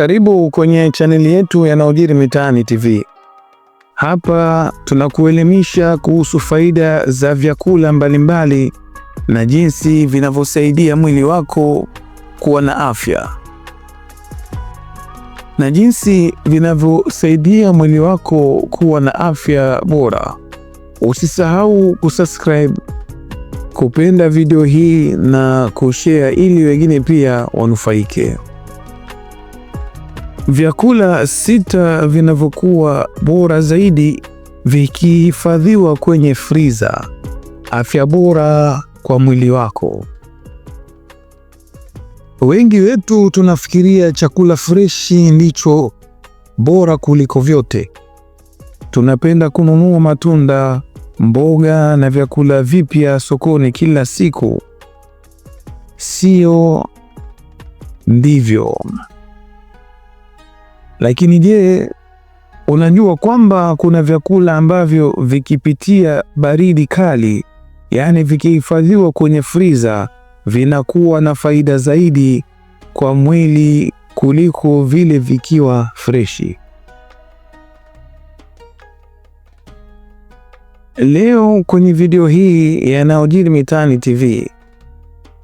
Karibu kwenye chaneli yetu yanayojiri mitaani TV. Hapa tunakuelimisha kuhusu faida za vyakula mbalimbali na jinsi vinavyosaidia mwili wako kuwa na afya na jinsi vinavyosaidia mwili wako kuwa na afya bora. Usisahau kusubscribe, kupenda video hii na kushare ili wengine pia wanufaike. Vyakula sita vinavyokuwa bora zaidi vikihifadhiwa kwenye friza. Afya bora kwa mwili wako. Wengi wetu tunafikiria chakula freshi ndicho bora kuliko vyote. Tunapenda kununua matunda, mboga na vyakula vipya sokoni kila siku. Sio ndivyo. Lakini je, unajua kwamba kuna vyakula ambavyo vikipitia baridi kali, yaani vikihifadhiwa kwenye friza, vinakuwa na faida zaidi kwa mwili kuliko vile vikiwa freshi. Leo kwenye video hii yanayojiri mitaani TV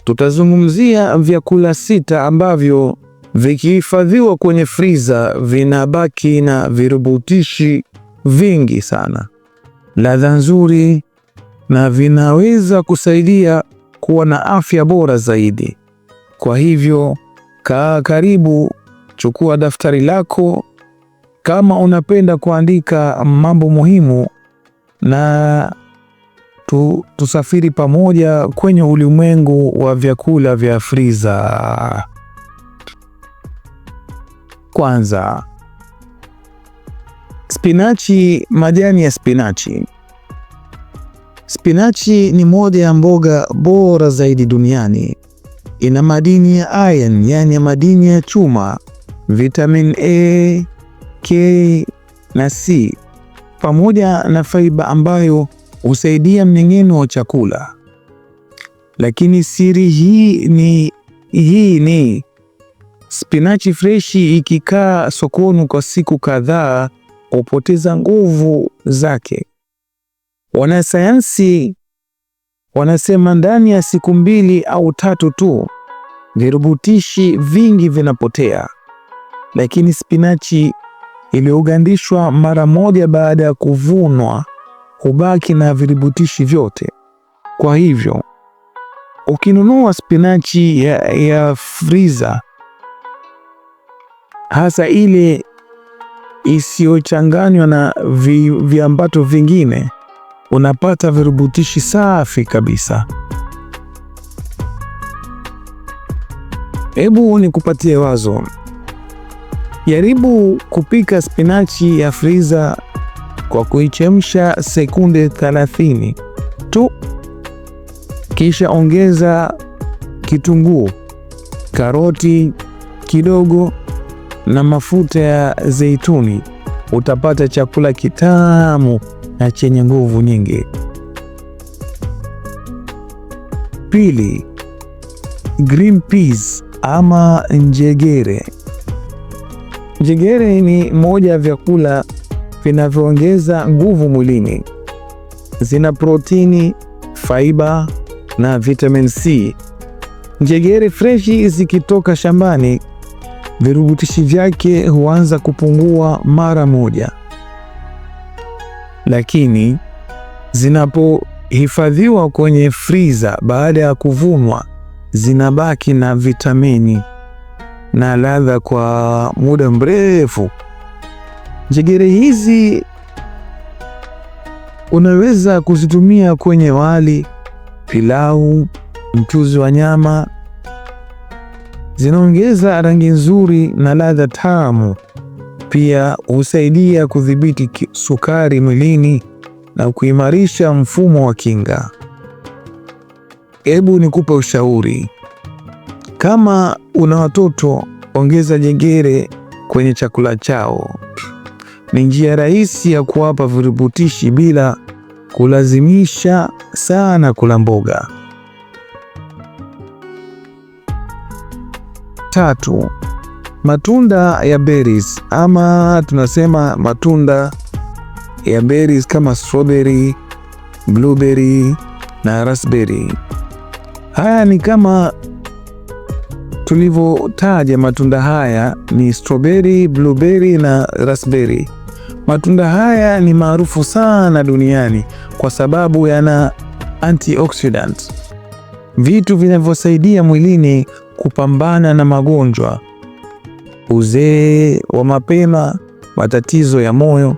tutazungumzia vyakula sita ambavyo Vikihifadhiwa kwenye friza vinabaki na virubutishi vingi sana, ladha nzuri na vinaweza kusaidia kuwa na afya bora zaidi. Kwa hivyo kaa karibu, chukua daftari lako kama unapenda kuandika mambo muhimu, na tu, tusafiri pamoja kwenye ulimwengu wa vyakula vya friza. Kwanza, spinachi, majani ya spinachi. Spinachi ni moja ya mboga bora zaidi duniani. Ina madini ya iron, yaani ya madini ya chuma, vitamin A, K na C pamoja na faiba ambayo husaidia mmeng'enyo wa chakula. Lakini siri hii ni hii ni Spinachi freshi ikikaa sokoni kwa siku kadhaa hupoteza nguvu zake. Wanasayansi wanasema ndani ya siku mbili au tatu tu virubutishi vingi vinapotea, lakini spinachi iliyogandishwa mara moja baada ya kuvunwa hubaki na virubutishi vyote. Kwa hivyo ukinunua spinachi ya, ya friza hasa ile isiyochanganywa na vi, vingine, unapata virubutishi safi kabisa. Hebu nikupatie wazo. Jaribu kupika spinachi ya friza kwa kuichemsha sekunde 30 tu, kisha ongeza kitunguu, karoti kidogo na mafuta ya zeituni utapata chakula kitamu na chenye nguvu nyingi. Pili, green peas ama njegere. Njegere ni moja ya vyakula vinavyoongeza nguvu mwilini. Zina protini, faiba na vitamin C. Njegere freshi zikitoka shambani virubutishi vyake huanza kupungua mara moja, lakini zinapohifadhiwa kwenye friza baada ya kuvunwa zinabaki na vitamini na ladha kwa muda mrefu. Njegere hizi unaweza kuzitumia kwenye wali, pilau, mchuzi wa nyama zinaongeza rangi nzuri na ladha tamu. Pia husaidia kudhibiti sukari mwilini na kuimarisha mfumo wa kinga. Hebu nikupe ushauri. Kama una watoto, ongeza jengere kwenye chakula chao. Ni njia rahisi ya kuwapa virutubisho bila kulazimisha sana kula mboga. tatu, matunda ya berries ama tunasema matunda ya berries kama strawberry, blueberry na raspberry. Haya ni kama tulivyotaja, matunda haya ni strawberry, blueberry na raspberry. Matunda haya ni maarufu sana duniani kwa sababu yana antioxidants, vitu vinavyosaidia mwilini kupambana na magonjwa, uzee wa mapema, matatizo ya moyo.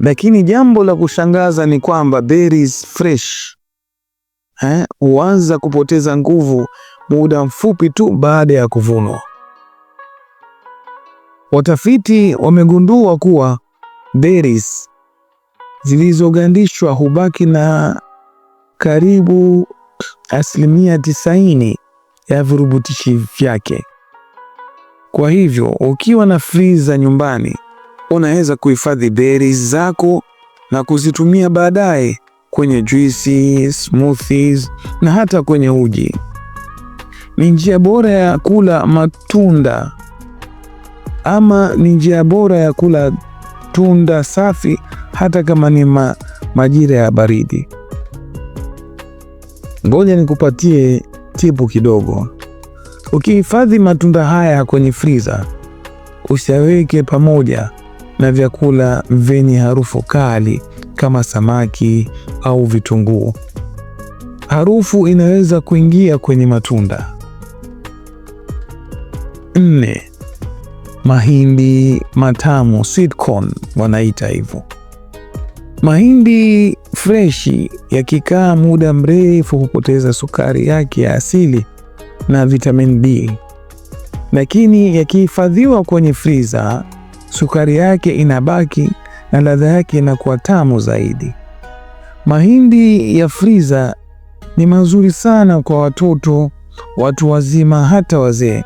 Lakini jambo la kushangaza ni kwamba berries fresh eh, huanza kupoteza nguvu muda mfupi tu baada ya kuvunwa. Watafiti wamegundua kuwa berries zilizogandishwa hubaki na karibu asilimia 90 ya virubutishi vyake. Kwa hivyo ukiwa na friza nyumbani, unaweza kuhifadhi berries zako na kuzitumia baadaye kwenye juisi, smoothies na hata kwenye uji. Ni njia bora ya kula matunda ama ni njia bora ya kula tunda safi hata kama ni ma, majira ya baridi. Ngoja nikupatie tipu kidogo. Ukihifadhi matunda haya kwenye friza, usiweke pamoja na vyakula vyenye harufu kali kama samaki au vitunguu. Harufu inaweza kuingia kwenye matunda. Nne, mahindi matamu, sweet corn wanaita hivyo. Mahindi freshi yakikaa muda mrefu hupoteza sukari yake ya asili na vitamin B, lakini yakihifadhiwa kwenye friza, sukari yake inabaki na ladha yake inakuwa tamu zaidi. Mahindi ya friza ni mazuri sana kwa watoto, watu wazima, hata wazee.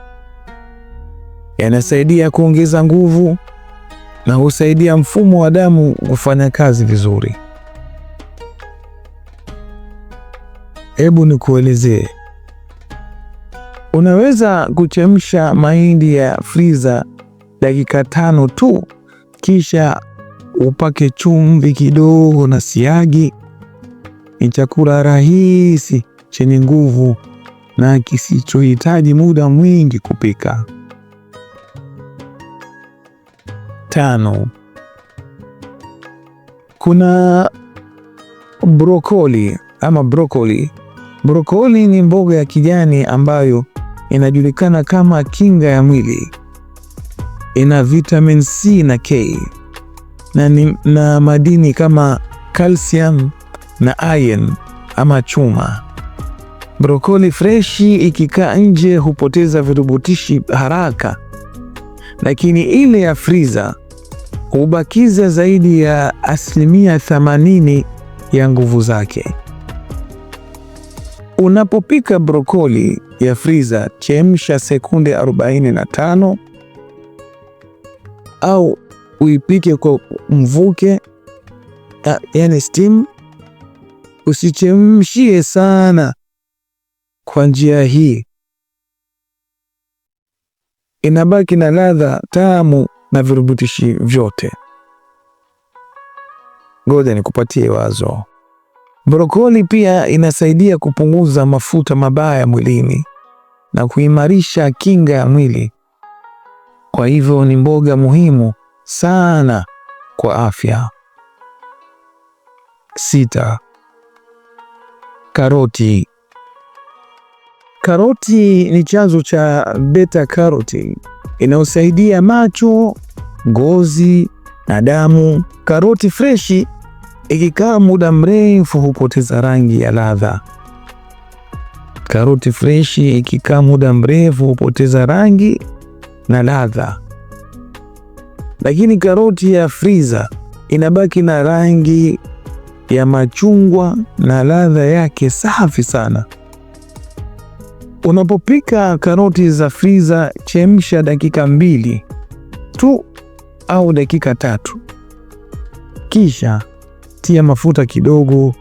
Yanasaidia kuongeza nguvu, na husaidia mfumo wa damu kufanya kazi vizuri. Hebu nikuelezee, unaweza kuchemsha mahindi ya friza dakika tano tu, kisha upake chumvi kidogo na siagi. Ni chakula rahisi chenye nguvu na kisichohitaji muda mwingi kupika. tano. Kuna brokoli ama brokoli. Brokoli ni mboga ya kijani ambayo inajulikana kama kinga ya mwili. Ina vitamin C na K na, ni, na madini kama calcium na iron ama chuma. Brokoli freshi ikikaa nje hupoteza virutubishi haraka, lakini ile ya freezer hubakiza zaidi ya asilimia 80 ya nguvu zake. Unapopika brokoli ya friza, chemsha sekunde 45 au uipike kwa mvuke, yani steam. Usichemshie sana. Kwa njia hii inabaki na ladha tamu na virubutishi vyote. Ngoja nikupatie wazo. Brokoli pia inasaidia kupunguza mafuta mabaya mwilini na kuimarisha kinga ya mwili. Kwa hivyo ni mboga muhimu sana kwa afya. Sita. Karoti. Karoti ni chanzo cha beta carotene inayosaidia macho, ngozi na damu. Karoti freshi ikikaa muda mrefu hupoteza rangi ya ladha. Karoti freshi ikikaa muda mrefu hupoteza rangi na ladha, lakini karoti ya friza inabaki na rangi ya machungwa na ladha yake safi sana. Unapopika karoti za friza, chemsha dakika mbili tu au dakika tatu, kisha tia mafuta kidogo,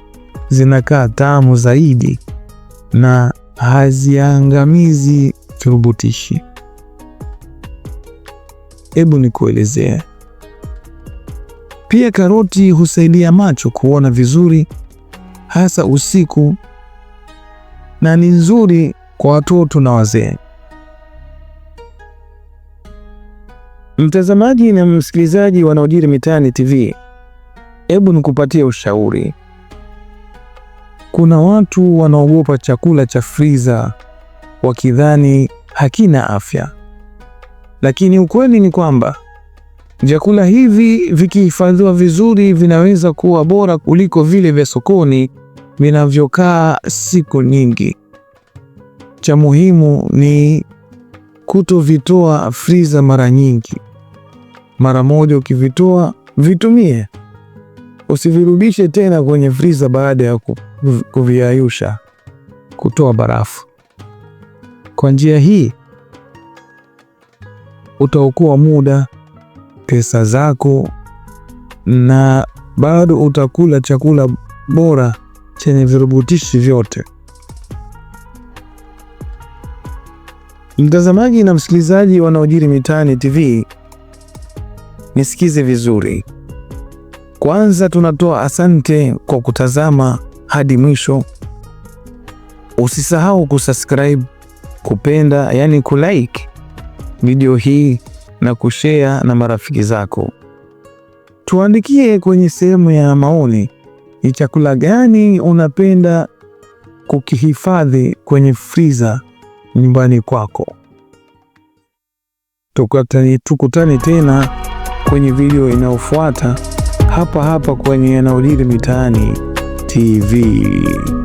zinakaa tamu zaidi na haziangamizi virutubisho. Hebu nikuelezee. Pia karoti husaidia macho kuona vizuri, hasa usiku, na ni nzuri kwa watoto na wazee. Mtazamaji na msikilizaji wanaojiri mitaani TV, hebu nikupatie ushauri. Kuna watu wanaogopa chakula cha friza wakidhani hakina afya, lakini ukweli ni kwamba vyakula hivi vikihifadhiwa vizuri vinaweza kuwa bora kuliko vile vya sokoni vinavyokaa siku nyingi. Cha muhimu ni kutovitoa friza mara nyingi. Mara moja ukivitoa, vitumie, usivirudishe tena kwenye friza baada ya kuviayusha, kutoa barafu. Kwa njia hii utaokoa muda, pesa zako, na bado utakula chakula bora chenye virubutishi vyote. Mtazamaji na msikilizaji wanaojiri mitaani TV, nisikize vizuri. Kwanza tunatoa asante kwa kutazama hadi mwisho. Usisahau kusubscribe, kupenda, yani kulike video hii na kushare na marafiki zako. Tuandikie kwenye sehemu ya maoni ni chakula gani unapenda kukihifadhi kwenye freezer nyumbani kwako. Tukutane, tukutane tena kwenye video inayofuata hapa hapa kwenye Yanayojiri Mitaani TV.